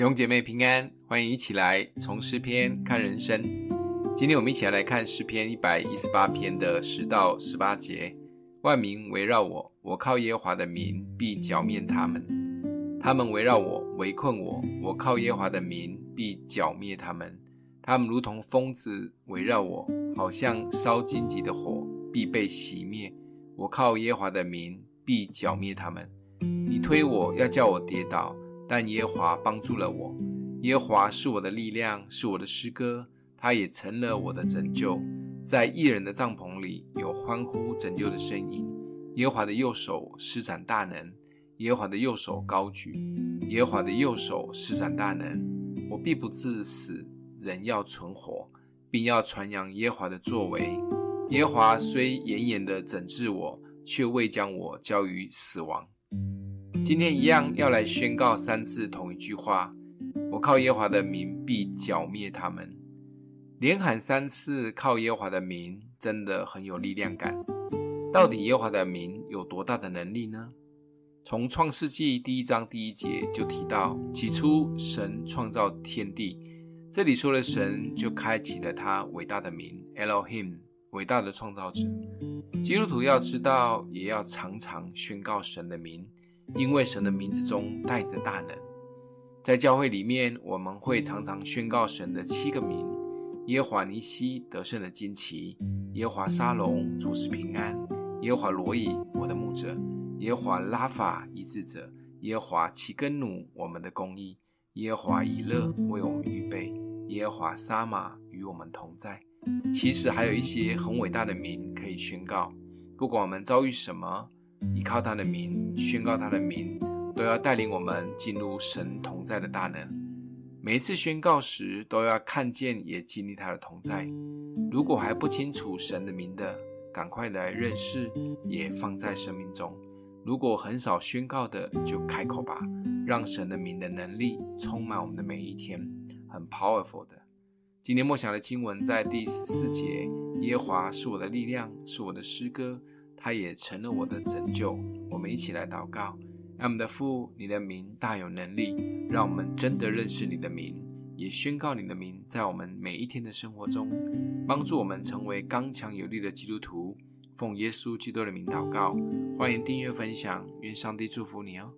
弟兄姐妹平安，歡迎一起來從詩篇看人生。今天我們一起來，來看詩篇一百一十八篇的十到十八節。萬民圍繞我，我靠耶和華的名必剿滅他們；他們圍繞我，圍困我，我靠耶和華的名必剿滅他們。他們如同蜂子圍繞我，好像燒荊棘的火必被熄滅。我靠耶和華的名必剿滅他們。你推我，要叫我跌倒。但耶和華幫助了我，耶和華是我的力量，是我的詩歌，他也成了我的拯救。在義人的帳棚裡，有歡呼拯救的聲音。耶和華的右手施展大能，耶和華的右手高舉，耶和華的右手施展大能。我必不至死，仍要存活，並要傳揚耶和華的作為。耶和華雖嚴嚴地整治我，卻未將我交於死亡。今天一樣要來宣告三次同一句話：“我靠耶和華的名必剿滅他們。”連喊三次靠耶和華的名，真的很有力量感。到底耶和華的名有多大的能力呢？從創世紀第一章第一節就提到：“起初神創造天地。”這裡說的神，就開啟了他偉大的名 “Elohim”，偉大的創造者。基督徒要知道，也要常常宣告神的名。因為神的名字中帶着大能，在教會裡面，我們會常常宣告神的七個名：耶和華尼西得勝的旌旗，耶和華沙龍主是平安，耶和華羅以我的牧者，耶和華拉法醫治者，耶和華齊根努我們的公義，耶和華以勒為我們預備，耶和華沙瑪與我們同在。其實還有一些很偉大的名可以宣告，不管我們遭遇什麼，依靠他的名，宣告他的名，都要帶領我們進入神同在的大能。每一次宣告時，都要看見也經歷他的同在。如果還不清楚神的名的，趕快來認識，也放在生命中。如果很少宣告的，就開口吧，讓神的名的能力充滿我們的每一天。很 powerful 的。今天默想的經文在第十四節：耶和華是我的力量，是我的詩歌。他也成了我的拯救。我們一起來禱告，愛我們的父，你的名大有能力，讓我們真的認識你的名，也宣告你的名，在我們每一天的生活中，幫助我們成為剛強有力的基督徒。奉耶穌基督的名禱告，歡迎訂閱分享，願上帝祝福你哦。